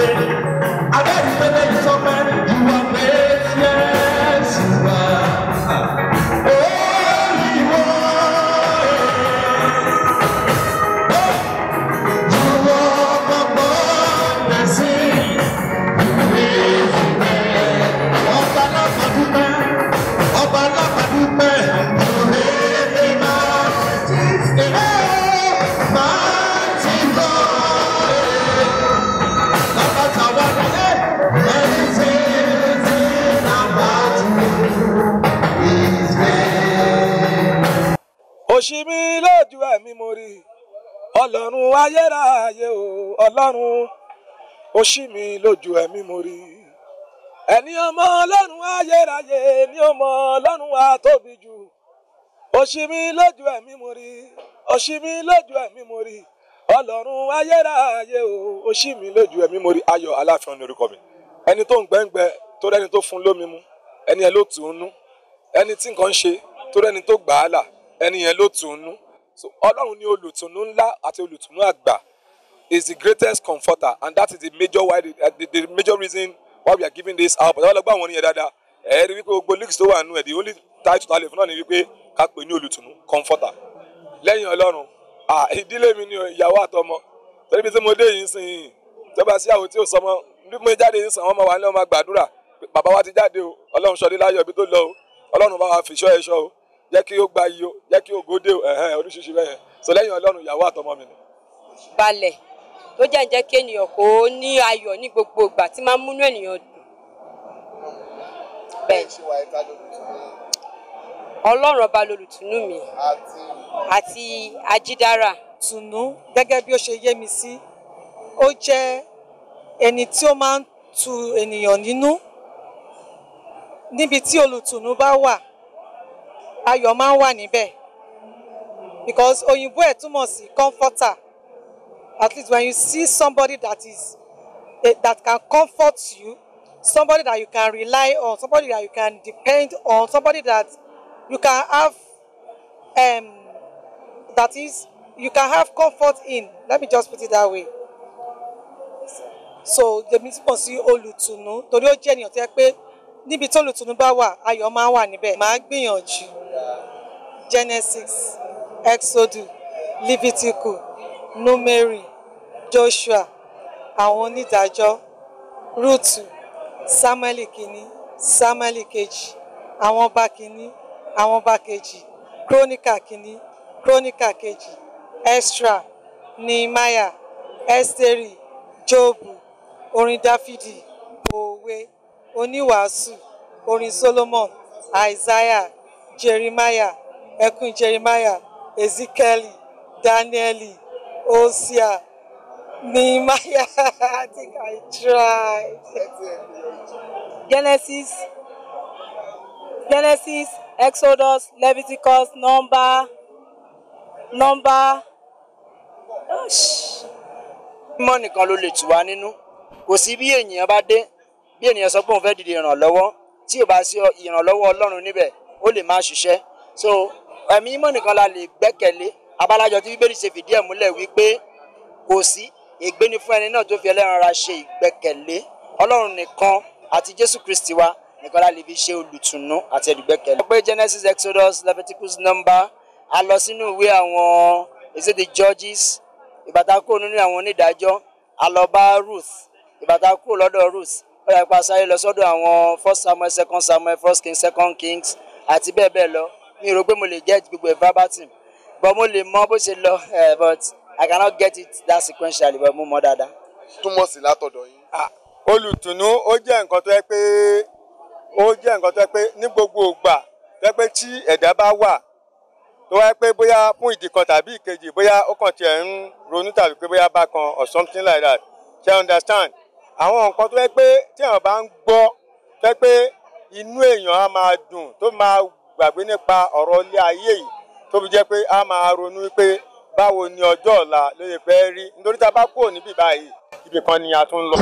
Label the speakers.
Speaker 1: Amen.
Speaker 2: ojú ẹ̀mí mo rí ọlọ́run ayérayé o ọlọ́run ó ṣí mi lójú ẹ̀mí mo rí ẹni ọmọ ọlọ́run ayérayé ni ó mọ ọlọ́run wa tóbi jù ó ṣí mi lójú ẹ̀mí mo rí ó ṣí mi lójú ẹ̀mí mo rí ọlọ́run ayérayé o ó ṣí mi lójú ẹ̀mí mo rí ayọ̀ aláfihàn ní orúkọ mi ẹni tó ń gbẹ́ngbẹ́ tó rẹ́ni tó fún lómi mu ẹni ẹ ló tù ú nú ẹni tí nǹkan ń ṣe tó rẹ́ni tó gbà á là ẹni yẹn ló tù ú nú so ọlọ́run ni olùtùnú ńlá àti olùtùnú àgbà is the greatest comforter and that is the major why the, uh, the, the major reason why we are giving this out but ọlọ́gbọ́n àwọn oníyẹn dáadáa ẹ rí wípé gbogbo leaks tó wà nù ẹ̀ the only title ta lè fún náà ni wípé ká pè ní olùtùnú comforter lẹ́yìn ọlọ́run ah ìdílé mi ni ìyàwó àtọmọ torí bí tí mo dé yìí ń sìn yìí tọ́ba sí àwọn tí ò sọmọ bí mo jáde yìí sàn wọ́n máa wà nílẹ̀ wọ́n máa gbàdúrà bàbá wa ti jáde o ọlọ́run sọ dé láyọ̀ ibi tó lọ o ọlọ́run bá wa fìṣọ́ ẹ̀ṣọ́ o jẹ́ kí ó gba iyo jẹ́ kí ògo dé oríṣiríṣi bẹ́ẹ̀ so lẹ́yìn ọlọ́run ìyàwó àtọmọ mi ni.
Speaker 1: balẹ̀ ló jẹ́ ǹjẹ́ kí ènìyàn kò ní ayọ̀ ní gbogbo ìgbà tí máa ń múnú ènìyàn dùn. bẹ́ẹ̀ ọlọ́run ọba lolùtùnú mi àti ajídára. tùnú gẹ́gẹ́ bí ó ṣe yé mi sí ó jẹ́ ẹni tí ó máa ń tu ènìyàn nínú níbi tí olùtùnú bá wà ayọ̀ máa ń wà níbẹ̀ because òyìnbó ẹ̀ túmọ̀ sí comforter at least when you see somebody that is eh, that can comfort you somebody that you can rely on somebody that you can depend on somebody that you can have um, that is you can have comfort in let me just put it that way so èmi túmọ̀ sí olùtùnú torí ó jẹ́ ènìyàn tó yẹ pé níbi tó olùtùnú bá wà ayọ̀ máa wà níbẹ̀ màá gbìyànjú. Genesis, Exodus, Leviticus, Numeri, Joshua, àwọn onídàájọ́, Rúùtù, Sámúẹ́lì kìíní, Sámúẹ́lì kejì, àwọn ọba kìíní, àwọn ọba kejì, Kírónìkà kìíní, Kírónìkà kejì, Esra, Nehemiah, Ẹ́sítérì, Jobu, orin Dáfídì, òwe, oníwàásù, orin Solomon, Isaiah. Jeremiah ẹkùn Jeremiah Ezekiel Daniel Hosea Nehemiah I think I tried Genesis Genesis Exodus Leviticus Number Number.
Speaker 3: mímọ́ nìkan ló lè tù wá nínú kò sí bí ènìyàn bá dé bí ènìyàn sọ pé òun fẹ́ dìde ìrànlọ́wọ́ tí ò bá sí ìrànlọ́wọ́ Ọlọ́run níbẹ̀ ó lè má ṣiṣẹ́ so ẹ̀mí mímọ́ nìkan la lè gbẹ́kẹ̀lé abálájọ tí bíbélì ṣe fìdí ẹ̀ múlẹ̀ wípé kò sí ègbé ni fún ẹni náà tó fi ẹlẹ́ran ara ṣe ìgbẹ́kẹ̀lé ọlọ́run nìkan àti jésù kristi wa nìkan la lè fi ṣe olùtùnú àti olùgbẹ́kẹ̀lé. pé genesis exodus leviticus number a lọ sínú ìwé àwọn èsì the judges ìbátakó nínú àwọn onídàájọ́ a lọ bá ruth ìbátakó lọ́dọ̀ ruth ó yà pa sáré lọ sọ́dọ̀ àwọn first samuel second samuel first king second kings àti bẹ́ẹ̀ bẹ́ẹ̀ lọ mi rò pé mo lè get gbogbo ẹ̀ verbatim but mo lè mọ bó ṣe lọ eh, but I cannot get it that sequentially but mo mọ dáadáa. túmọ̀ sí látọ̀dọ̀ yín. Ah. olùtùnú ó
Speaker 2: jẹ́ nǹkan tó yẹ pé ó jẹ́ nǹkan tó yẹ pé ní gbogbo ògbà tó yẹ pé tí ẹ̀dá bá wà tó wáyé pé bóyá fún ìdí kan tàbí ìkejì bóyá ó kàn tiẹ̀ ń ronú tàbí pé bóyá bákan or something like that ṣe understand àwọn nǹkan tó yẹ pé tí àwọn bá ń gbọ́ tó yẹ pé inú èèyàn á máa dùn tó máa gbàgbé nípa ọ̀rọ̀ ilé ayé yìí tó fi jẹ́ pé a máa ronú pé báwo ni ọjọ́ ọ̀la ló lè fẹ́ rí nítorí tá a bá kúrò níbí báyìí ibì kan ni a tún lọ.